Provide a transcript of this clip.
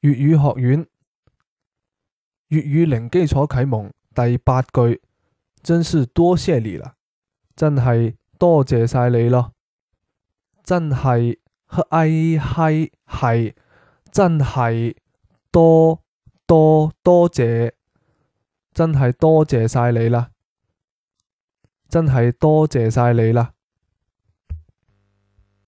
粵語學院粵語零基礎啟蒙第八句，真是多謝你啦！真係多謝晒你咯，真係哎嘿係，真係多多多謝，真係多謝晒你啦，真係多謝晒你啦。